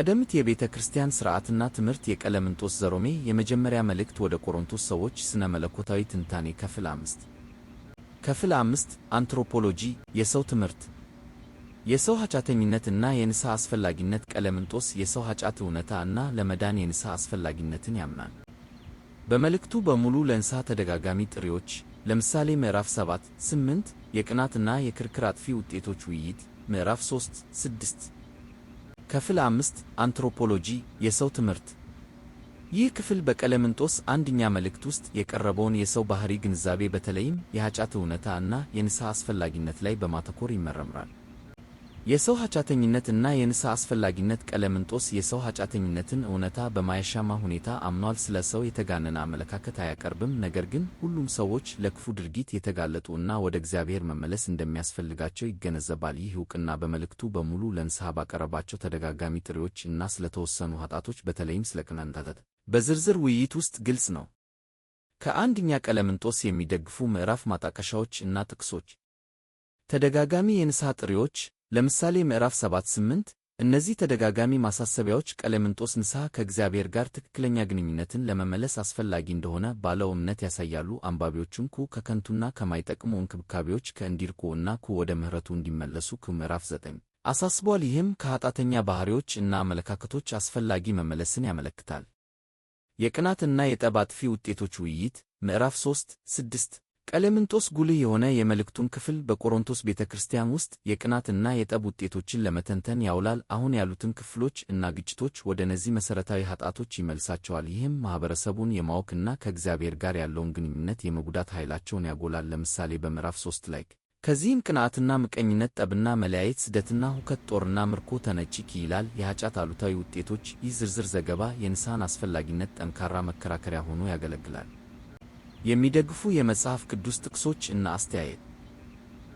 ቀደምት የቤተ ክርስቲያን ሥርዓትና ትምህርት የቀለምንጦስ ዘሮሜ የመጀመሪያ መልእክት ወደ ቆሮንቶስ ሰዎች ሥነ መለኮታዊ ትንታኔ ክፍል አምስት ክፍል አምስት አንትሮፖሎጂ የሰው ትምህርት የሰው እና የንስሐ አስፈላጊነት ቀለምንጦስ የሰው ኃጢአት እውነታ እና ለመዳን የንስሐ አስፈላጊነትን ያምናል። በመልእክቱ በሙሉ ለንስሐ ተደጋጋሚ ጥሪዎች ለምሳሌ ምዕራፍ 7 8 የቅናትና የክርክር አጥፊ ውጤቶች ውይይት፣ ምዕራፍ 3 6 ክፍል አምስት አንትሮፖሎጂ የሰው ትምህርት። ይህ ክፍል በቀለምንጦስ አንደኛ መልእክት ውስጥ የቀረበውን የሰው ባህሪ ግንዛቤ በተለይም የኃጢአት እውነታ እና የንስሐ አስፈላጊነት ላይ በማተኮር ይመረምራል። የሰው ኃጢአተኝነት እና የንስሐ አስፈላጊነት ቀለምንጦስ የሰው ኃጢአተኝነትን እውነታ በማያሻማ ሁኔታ አምኗል። ስለ ሰው የተጋነነ አመለካከት አያቀርብም። ነገር ግን ሁሉም ሰዎች ለክፉ ድርጊት የተጋለጡ እና ወደ እግዚአብሔር መመለስ እንደሚያስፈልጋቸው ይገነዘባል። ይህ ዕውቅና በመልእክቱ በሙሉ ለንስሐ ባቀረባቸው ተደጋጋሚ ጥሪዎች እና ስለተወሰኑ ኃጢአቶች በተለይም ስለ በዝርዝር ውይይት ውስጥ ግልጽ ነው። ከአንደኛ ቀለምንጦስ የሚደግፉ ምዕራፍ ማጣቀሻዎች እና ጥቅሶች ተደጋጋሚ የንስሐ ጥሪዎች ለምሳሌ ምዕራፍ 7 8 እነዚህ ተደጋጋሚ ማሳሰቢያዎች ቀለምንጦስ ንስሐ ከእግዚአብሔር ጋር ትክክለኛ ግንኙነትን ለመመለስ አስፈላጊ እንደሆነ ባለው እምነት ያሳያሉ። አንባቢዎቹም ኩ ከከንቱና ከማይጠቅሙ እንክብካቤዎች ከእንዲርቁ እና ኩ ወደ ምሕረቱ እንዲመለሱ ኩ ምዕራፍ 9 አሳስቧል። ይህም ከኃጢአተኛ ባሕሪዎች እና አመለካከቶች አስፈላጊ መመለስን ያመለክታል። የቅናት እና የጠብ አጥፊ ውጤቶች ውይይት ምዕራፍ 3 6 ቀሌምንጦስ ጉልህ የሆነ የመልእክቱን ክፍል በቆሮንቶስ ቤተ ክርስቲያን ውስጥ የቅናትና የጠብ ውጤቶችን ለመተንተን ያውላል። አሁን ያሉትን ክፍሎች እና ግጭቶች ወደ እነዚህ መሠረታዊ ኃጢአቶች ይመልሳቸዋል። ይህም ማኅበረሰቡን የማወክና ከእግዚአብሔር ጋር ያለውን ግንኙነት የመጉዳት ኃይላቸውን ያጎላል። ለምሳሌ በምዕራፍ 3 ላይ ከዚህም ቅንዓትና ምቀኝነት፣ ጠብና መለያየት፣ ስደትና ሁከት፣ ጦርና ምርኮ ተነጭቅ ይላል። የኃጢአት አሉታዊ ውጤቶች። ይህ ዝርዝር ዘገባ የንስሐን አስፈላጊነት ጠንካራ መከራከሪያ ሆኖ ያገለግላል። የሚደግፉ የመጽሐፍ ቅዱስ ጥቅሶች እና አስተያየት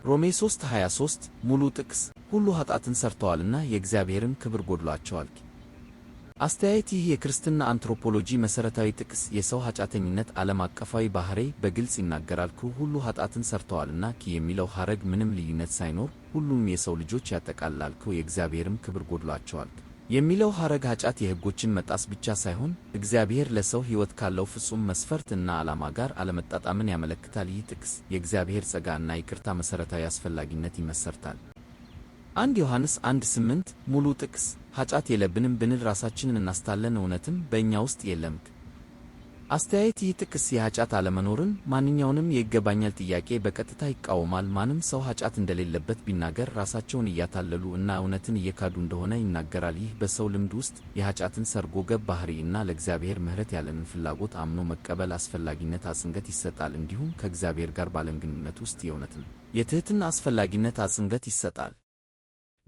ሮሜ 3:23 ሙሉ ጥቅስ ሁሉ ኃጢአትን ሠርተዋልና የእግዚአብሔርን ክብር ጎድሏቸዋል። አስተያየት ይህ የክርስትና አንትሮፖሎጂ መሠረታዊ ጥቅስ የሰው ኃጢአተኝነት ዓለም አቀፋዊ ባህሪ በግልጽ ይናገራል። ሁሉ ኃጢአትን ሠርተዋልና የሚለው ሐረግ ምንም ልዩነት ሳይኖር ሁሉም የሰው ልጆች ያጠቃልላል። የእግዚአብሔርም ክብር ጎድሏቸዋል። የሚለው ሐረግ ኃጢአት የሕጎችን መጣስ ብቻ ሳይሆን እግዚአብሔር ለሰው ሕይወት ካለው ፍጹም መስፈርት እና ዓላማ ጋር አለመጣጣምን ያመለክታል። ይህ ጥቅስ የእግዚአብሔር ጸጋ እና ይቅርታ መሠረታዊ አስፈላጊነት ይመሰርታል። አንድ ዮሐንስ አንድ ስምንት ሙሉ ጥቅስ ኃጢአት የለብንም ብንል ራሳችንን እናስታለን፣ እውነትም በእኛ ውስጥ የለም። አስተያየት ይህ ጥቅስ የኃጢአት አለመኖርን ማንኛውንም የይገባኛል ጥያቄ በቀጥታ ይቃወማል። ማንም ሰው ኃጢአት እንደሌለበት ቢናገር ራሳቸውን እያታለሉ እና እውነትን እየካዱ እንደሆነ ይናገራል። ይህ በሰው ልምድ ውስጥ የኃጢአትን ሰርጎ ገብ ባህሪ እና ለእግዚአብሔር ምሕረት ያለንን ፍላጎት አምኖ መቀበል አስፈላጊነት አጽንዖት ይሰጣል። እንዲሁም ከእግዚአብሔር ጋር ባለን ግንኙነት ውስጥ የእውነትን የትሕትና አስፈላጊነት አጽንዖት ይሰጣል።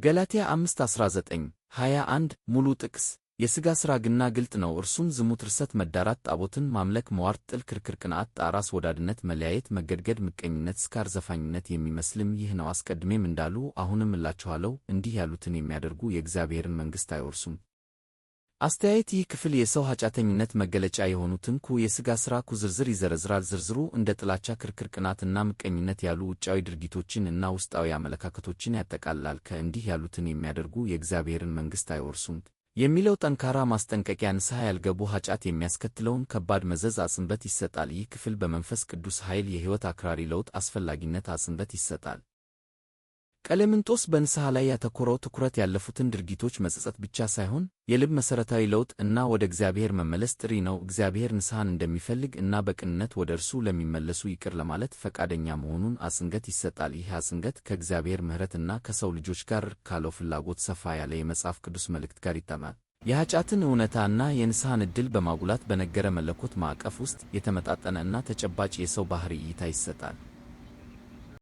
ገላትያ 5:19-21 ሙሉ ጥቅስ የሥጋ ሥራ ግና ግልጥ ነው። እርሱም ዝሙት፣ ርሰት፣ መዳራት፣ ጣቦትን ማምለክ፣ መዋርት፣ ጥል፣ ክርክር፣ ቅንዓት፣ ጣራስ ወዳድነት፣ መለያየት፣ መገድገድ፣ ምቀኝነት፣ ስካር፣ ዘፋኝነት የሚመስልም ይህ ነው። አስቀድሜም እንዳሉ አሁንም እላችኋለሁ እንዲህ ያሉትን የሚያደርጉ የእግዚአብሔርን መንግሥት አይወርሱም። አስተያየት ይህ ክፍል የሰው ኃጢአተኝነት መገለጫ የሆኑትን ኩ የሥጋ ሥራ ኩ ዝርዝር ይዘረዝራል። ዝርዝሩ እንደ ጥላቻ፣ ክርክር፣ ቅናትና ምቀኝነት ያሉ ውጫዊ ድርጊቶችን እና ውስጣዊ አመለካከቶችን ያጠቃልላል። ከእንዲህ ያሉትን የሚያደርጉ የእግዚአብሔርን መንግሥት አይወርሱም። የሚለው ጠንካራ ማስጠንቀቂያ ንስሐ ያልገቡ ኃጢአት የሚያስከትለውን ከባድ መዘዝ አጽንዖት ይሰጣል። ይህ ክፍል በመንፈስ ቅዱስ ኃይል የሕይወት አክራሪ ለውጥ አስፈላጊነት አጽንዖት ይሰጣል። ቀሌምንጦስ በንስሐ ላይ ያተኮረው ትኩረት ያለፉትን ድርጊቶች መጸጸት ብቻ ሳይሆን የልብ መሠረታዊ ለውጥ እና ወደ እግዚአብሔር መመለስ ጥሪ ነው። እግዚአብሔር ንስሐን እንደሚፈልግ እና በቅንነት ወደ እርሱ ለሚመለሱ ይቅር ለማለት ፈቃደኛ መሆኑን አጽንዖት ይሰጣል። ይህ አጽንዖት ከእግዚአብሔር ምሕረት እና ከሰው ልጆች ጋር ካለው ፍላጎት ሰፋ ያለ የመጽሐፍ ቅዱስ መልእክት ጋር ይጠማል። የኃጢአትን እውነታ የንስሐን ዕድል በማጉላት በነገረ መለኮት ማዕቀፍ ውስጥ የተመጣጠነ እና ተጨባጭ የሰው ባሕርይ እይታ ይሰጣል።